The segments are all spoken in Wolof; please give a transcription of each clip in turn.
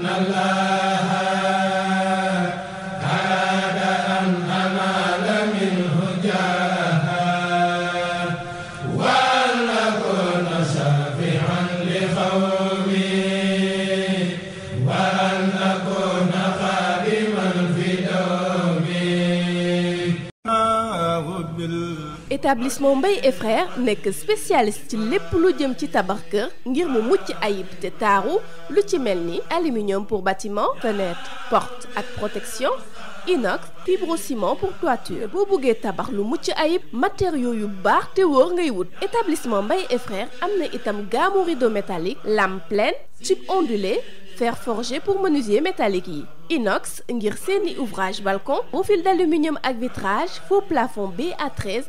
na la établissement Mbaye et frères nekk spécialiste ci lépp lu jëm ci tabax kër ngir mu mucc ayib te taaru lu ci mel ni aluminium pour bâtiment fenêtre porte ak protection inox fibrociment pour toiture boo bëggee tabax lu mucc ayib matériaux yu baax te wóor ngay wut. établissement Mbaye et am na itam gamme rideau métallique lame pleine tube ondulé fer forgé pour menuisier métallique yi. inox ngir seeni ouvrage balcon profil d'aluminium ak vitrage faux plafond BA13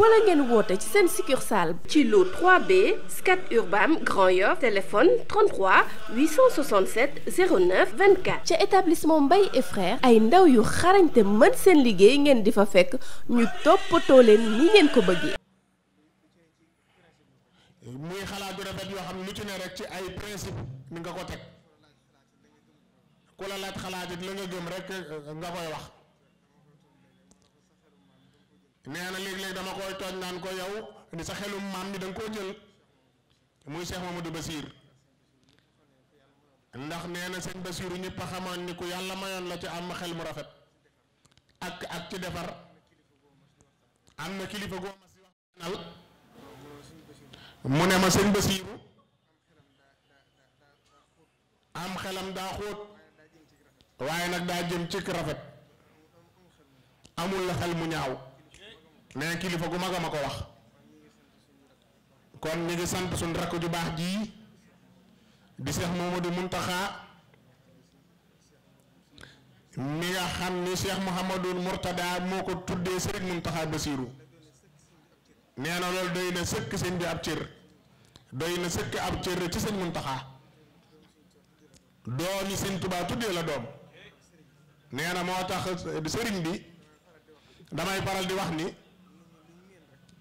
wala ngeen woote ci seen succursale ci lu 3B Scat Urbam Grand Yoff téléphone 33 867 09 24 ca établissement Mbaye et frères ay ndaw yu xarañte mën seen liggéey ngeen di fa fekk ñu toppatoo leen ni ngeen ko bëggee muy xalaat gu rafet yoo xam ne lu ci ne rek ci ay principe ni nga ko teg ku la laaj xalaat it la nga gëm rek nga koy wax nee na léeg-léeg dama koy tooñ naan ko yow ni sa xelum maam ni danga koo jël muy Cheikh Mamadou Basir ndax nee na sëñ Basiru ñëpp a xamoon ni ku yàlla mayoon la ci am xel mu rafet ak ak defar am kilifa goo ma si waxtaanal ne ma sëñ am xelam daa xóot waaye nag daa jëm ci rafet amul la xel mu ñaaw nee kilifa gu mag a ma ko wax kon ñu ngi sant suñu rakk ju baax ji di Cheikh Mamadou Muntaxa mi nga xam ni Cheikh Mouhamadul Mourtada moo ko tuddee Serigne Muntaxa Basiru nee na loolu doy na sëkk sëñ bi ab cër doy na sëkk ab cër ci seen Muntaxa doom yi sëñ Tuubaa tuddee la doom nee na moo tax sëriñ bi damay faral di wax ni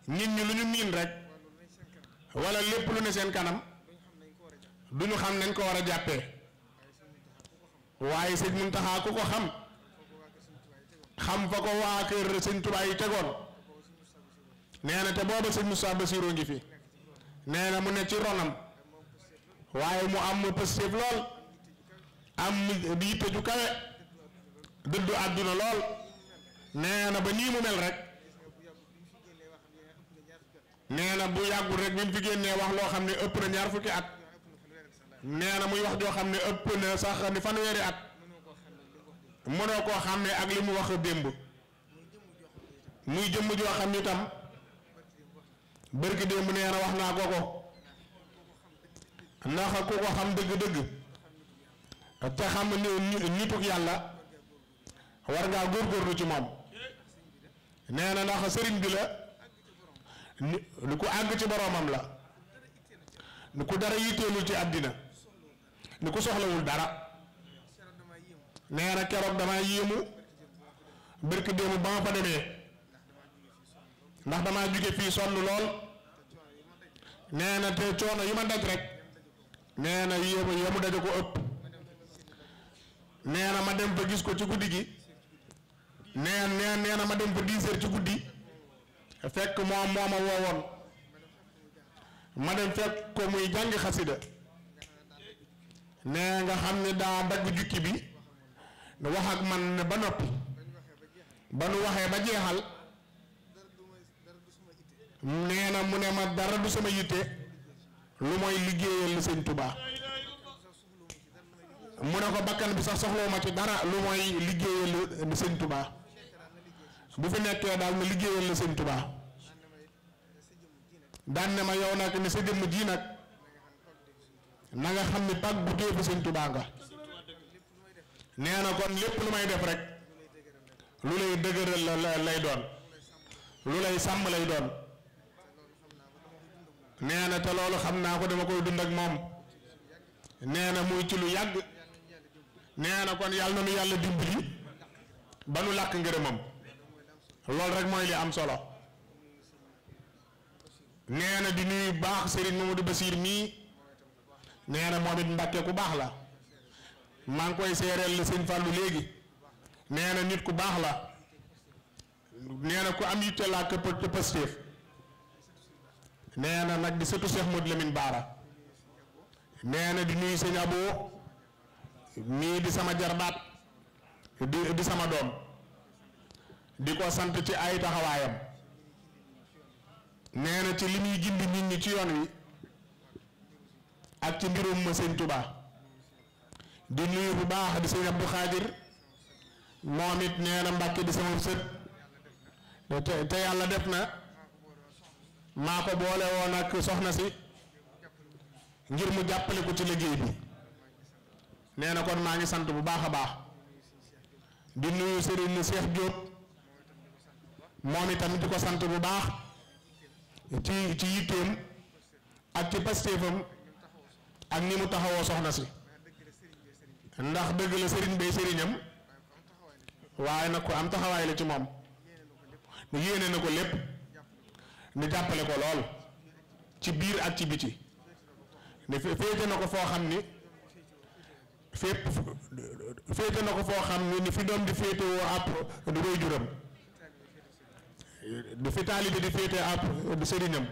nit ñi lu ñu miin rek wala lépp lu ne seen kanam du ñu xam nañ ko war a jàppee waaye sëñ Muntaxa ku ko xam xam fa ko waa kër sëñ Tuubaa yi tegoon nee na te booba sëñ Moussa Bassirou ngi fi nee na mu ne ci ronam waaye mu am positif lool am yitte ju kawe dëddu àdduna lool nee na ba nii mu mel rek. nee na bu yàggul rek bi mu fi génnee wax loo xam ne ëpp na ñaar fukki at nee na muy wax joo xam ne ëpp na sax ni fanweeri at mënoo ko xam ne ak li mu wax démb muy jëmm joo xam ne itam bërki démb nee wax naa ko ko ndax ku ko xam dëgg-dëgg te xam ni nituk yàlla war ngaa góorgóorlu ci moom nee na ndax sëriñ bi la lu ko àgg ci boroomam la lu ko dara yitteelul ci àddina lu ko soxlawul dara nee na keroog damaa yéemu bërki démb ba ma fa demee ndax damaa jóge fii sonn lool nee na te coono yi ma daj rek nee na yéemu yéemu daje ko ëpp nee na ma dem fa gis ko ci guddi gi nee nee na ma dem fa dix heures ci guddi fekk moom moo ma woowoon ma dem fekk ko muy jàngi xasida ne nga xam ne daa dagg jukki bi ne wax ak man ne ba noppi ba nu waxee ba jeexal nee na mu ne ma dara du sama yitte lu mooy liggéeyal sëñ Tuubaa mu ne ko bakkan bi sax soxloo ma ci dara lu mooy liggéeyal sëñ Tuubaa bu fi nekkee daal ma liggéeyal la sëñ Tuubaa daan ne ma yow nag ne sa jëmm ji nag na nga xam ni pàgg bu téefu sëñ tubaa nga nee na kon lépp lu may def rek lu lay dëgëral la lay doon lu lay sàmm lay doon nee na te loolu xam naa ko dama koy dënd ak moom nee na muy ci lu yàgg nee na kon yàlla na nu yàlla dimbali ba nu làkk ngërëmam loolu rek mooy li am solo nee na di nuyu baax Serigne Mamadou Basir mii nee na moom it Mbàkke ku baax la maa ngi koy seereel sëñ Fallou léegi nee na nit ku baax la nee na ku am yitte laa këpp Pastef nee na nag di sëtu Cheikh Modou Lamine Baara nee na di nuyu sëñ Abo mii di sama jarbaat di di sama doom di ko sant ci ay taxawaayam nee na ci li muy gindi nit ñi ci yoon wi ak ci mbirum ma sëñ Tuubaa di nuyu bu baax di sëñ Abdou Khadir moom it nee na Mbàkke di sama sët te te yàlla def na maa ko boole woon ak soxna si ngir mu jàppale ko ci liggéey bi nee na kon maa ngi sant bu baax a baax di nuyu Serigne Cheikh Diop moom itam di ko sant bu baax. ci ci yitteem ak ci pastéefam ak ni mu taxawoo soxna si ndax dëgg la sëriñ bee sëriñam waaye nag ko am taxawaay la ci moom mu yéene na ko lépp ni jàppale ko lool ci biir ak ci biti ne féete na ko foo xam ni fépp féete na ko foo xam ni ni fi doom di féete woo àpp du koy juram du fi taalibe di féete ab sëriñam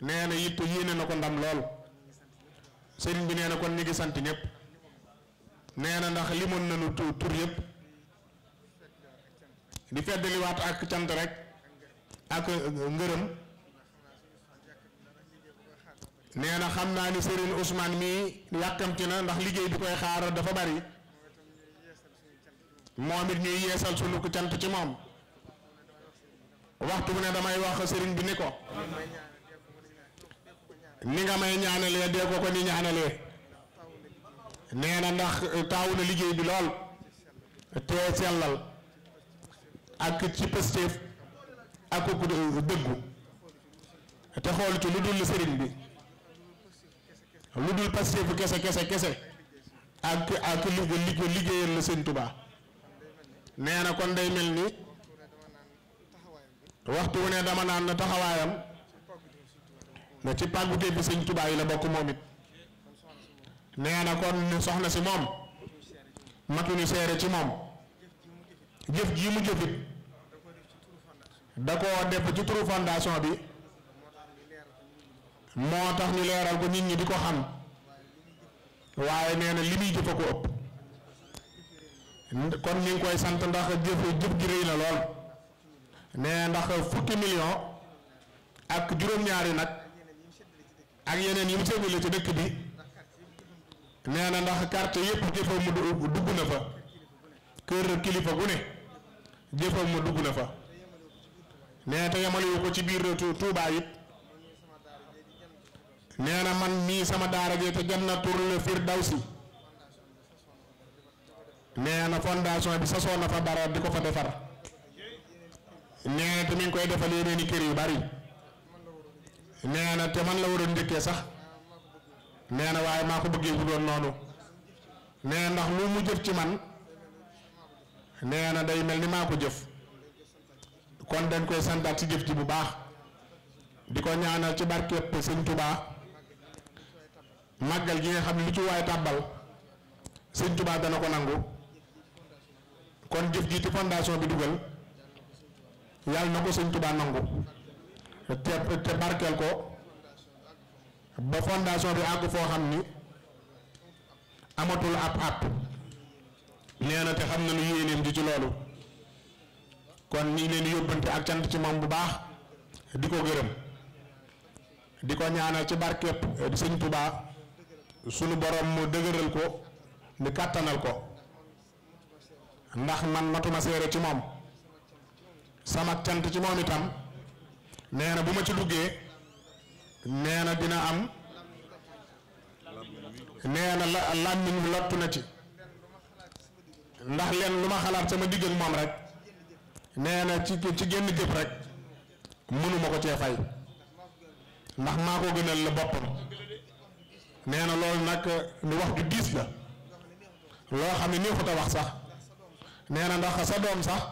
nee na it yéene na ko ndam lool sëriñ bi nee na kon sant ñëpp nee na ndax limoon nañu tur tur yëpp di feddaliwaat ak cant rek ak ngërëm nee na xam naa ni Serigne Ousmane mii yàkkamti na ndax liggéey bi koy xaar dafa bari moom it ñuy yeesal sunu ko cant ci moom. waxtu bu ne damay wax sëriñ bi ni ko ni nga may ñaanalee dee ko ko ni ñaanalee nee ndax taawu na liggéey bi lool te sellal ak ci pëstéef ak ku dëggu te xool ci lu dul sëriñ bi lu dul pëstéefu kese kese kese ak ak liggéeyal la sëñ Tuubaa nee na kon mel ni waxtu wu ne dama naan na taxawaayam na ci pàggute bi sëñ Tuubaa yi la bokk moom it nee na kon soxna si moom matuñu seere ci moom jëf ji mu jëfit da koo def ci turu bi moo tax ñu leeral ko nit ñi di ko xam waaye nee na li muy jëfa ko ëpp kon ñu koy sant ndax jëf jëf gi na lool ne ndax fukki million ak juróom-ñaar nag ak yeneen yi mu séddale ci dëkk bi nee na ndax carte yëpp jëfam mu dugg na fa kër kilifa gu ne jëfam ma dugg na fa nee te yemalewu ko ci biir Tuubaa it nee na man mii sama daara jee te Jannatul Firdawsi nee na fondation bi sasoon na fa dara di ko fa defar nee na te mi koy defal yeneen i kër yu bari nee na te man la waroon njëkkee sax nee na waaye maa ko bëggee bu doon noonu nee ndax lu mu jëf ci man nee na day mel ni maa ko jëf kon dañ koy santaat ci jëf ji bu baax di ko ñaanal ci barkeep Sëñ Tubaa màggal gi nga xam ne lu ci waay tàbbal Sëñ Tubaa dana ko nangu kon jëf ji ci fondation bi dugal yàlla na ko sëñ Tuubaa nangu te te barkeel ko ba fondation bi àgg foo xam ni amatul ab ab nee te xam na lu yéeneem ji ci loolu kon nii ngi leen di yóbbante ak cant ci moom bu baax di ko gërëm di ko ñaanal ci barkeep di sëñ Tuubaa sunu borom mu dëgëral ko mu kàttanal ko ndax man matuma seere ci moom sama cant ci moom itam nee na bu ma ci duggee nee na dina am nee na la làmmiñ lottu na ci ndax leen lu ma xalaat sama digg ak moom rek nee na ci ci génn jëf rek mënuma ko cee fay ndax maa ko gënal la boppam nee na loolu nag lu wax ju diis la loo xam ne nii xuta wax sax nee na ndax sa doom sax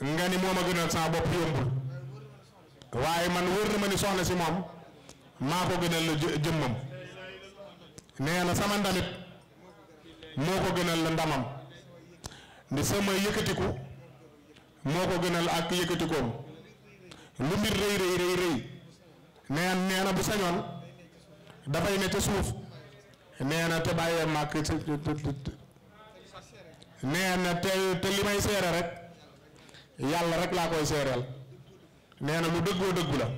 nga ni moom a gënal bopp yombul waaye man wër na ma ni soxna si moom maa ko gënal la jëmmam nee sama ndamit moo ko gënal la ndamam ni sama yëkkatiku moo ko gënal ak yëkkatikoom lu mbir rëy rëy rëy rëy bu sañoon dafay ne ca suuf nee te bàyyee màkk nee te te li may seere rek yàlla rek laa koy seereel nee na lu dëggoo dëggu la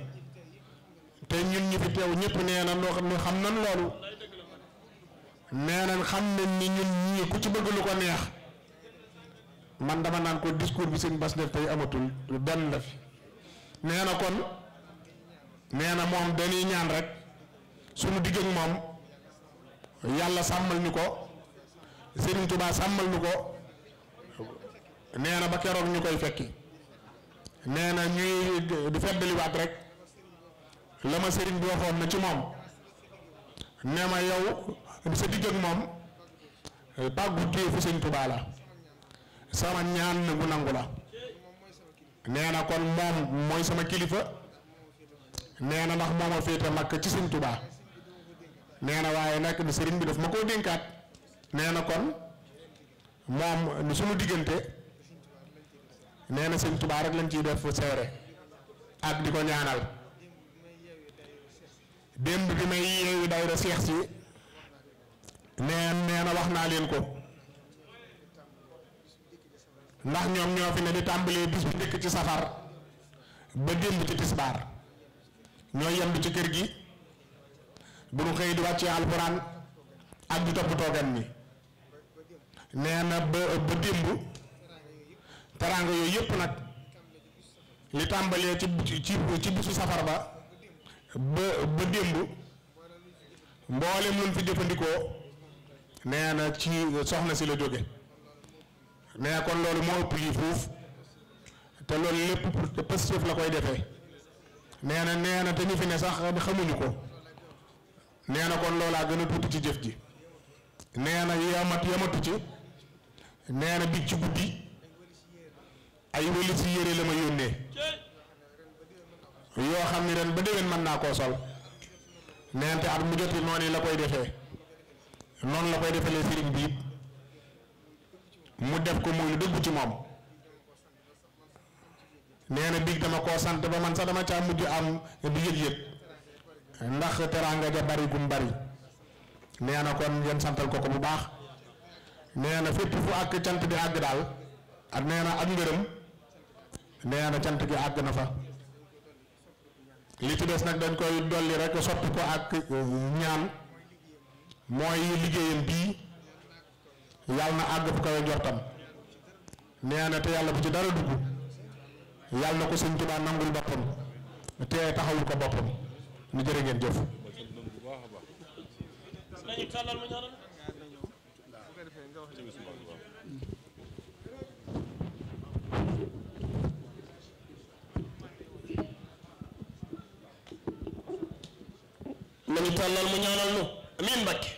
te ñun ñu fi teew ñëpp nee na loo xam ne xam nan loolu nee na xam ni ñun ku ci bëgg lu ko neex man dama naan ko discours bi seen bas def tey amatul lu benn la fi nee na kon nee na moom dañuy ñaan rek suñu digg ak moom yàlla sàmmal ñu ko Serigne Touba sàmmal ñu ko. nee na ba keroog ñu koy fekki nee na ñuy di feddaliwaat rek la ma sëriñ bi waxoon na ci moom ne ma yow sa digg ak moom pàggu téefu sëñ Tuubaa la sama ñaan na gu nangu la nee na kon moom mooy sama kilifa nee na ndax moom a féete màkk ci sëñ Tuubaa nee na waaye nag sëriñ bi def ma koo dénkaat nee na kon moom suma diggante nee na sëñ Tuubaa lañ ciy def fu seere ak di ko ñaanal démb bi may yeewi dayra seex si neen nee na wax naa leen ko ndax ñoom ñoo fi ne di tàmbalee bis bu njëkk ci safar ba démb ci tisbaar ñooy yendu ci kër gi bu nu xëy di wàccee alxuraan ak di topp toogan ñi nee na ba démb teraanga yooyu yëpp nag li tàmbalee ci ci ci bisu safar ba ba ba démb mboolem luñ fi jëfandikoo nee na ci soxna si la jóge nee kon loolu moo ëpp lii fuuf te loolu lépp positif la koy defee nee na nee na te ñu fi ne sax xamuñu ko nee na kon loolaa gën a tuuti ci jëf ji nee na yamat yamatu ci nee na bi ci guddi ay wëli yére la ma yónnee yoo xam ne ren ba déwén mën naa koo sol nente ak mu joti noonu la koy defee noonu la koy defalee sëriñ bi mu def ko muy lu dëggu ci moom nee na biig dama koo sant ba man sax dama caa mujj am di yëg-yëg ndax teraanga ja bari gum bari nee na kon ngeen santal ko ko bu baax nee na fépp fu ak cant di àgg daal ak nee na ak ngërëm nee na cant gi àgg na fa li ci des nag dañ koy dolli rek sotti ko ak ñaan mooy liggéeyam bii yàlla na àgg fu kawe jortam nee na te yàlla bu ci dara dugg yàlla na ko sëñ Tuubaa nangul boppam te taxawul ko boppam ñu jërë ngeen jëf. nañu tàllal mu ñaanal nu amiin Mbàkke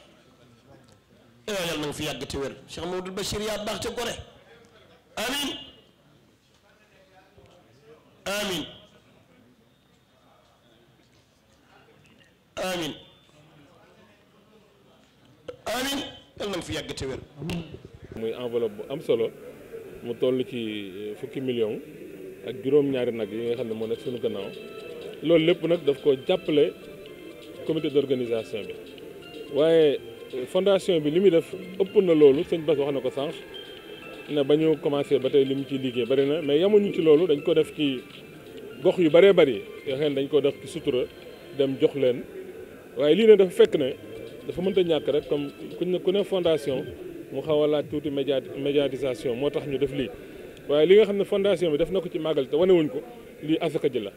yow yàlla na nga fi yàgg te wér Cheikh Mamadou yaa baax ca gore amiin amiin amiin na nga fi yàgg te wér muy enveloppe bu am solo mu toll ci euh, fukki million ak juróom-ñaari nag yi nga xam ne moo nekk suñu gannaaw loolu lépp nag daf ko jàppale comité d'organisation bi waaye euh, fondation bi li muy def ëpp na loolu sëñ Bass wax na ko sànq ne ba ñu commencé ba tey li mu ciy liggéey bari na mais yamuñu ci loolu dañ ko def ci gox yu bëree bëri yoo xam dañ ko def ci sutura dem jox leen waaye lii ne dafa fekk ne dafa mënta ñàkk rek comme ku ne ku ne fondation mu xaw a laaj tuuti média médiatisation moo tax ñu def lii waaye li nga xam ne fondation bi def na ko ci màggal te wane wuñ ko lii asaka ji la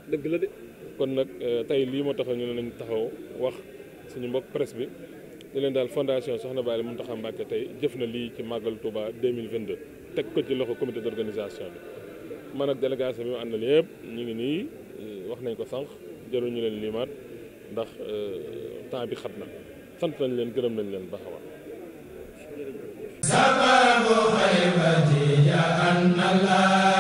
kon nag euh, tey lii moo tax ñu ne nañ taxaw wax suñu mbokk presse bi di leen daal fondation Soxna Baali Mountakha Mbacké tey jëf na lii ci màggal Touba 2022 teg ko ci loxo comité d'organisation bi man ak délégation bi mu àndal yëpp ñu ngi nii euh, wax nañ ko sànq jëru ñu leen limaat ndax euh, temps bi xat na sant nañ leen gërëm nañ leen baax a baax sababu xaybati ya an Allah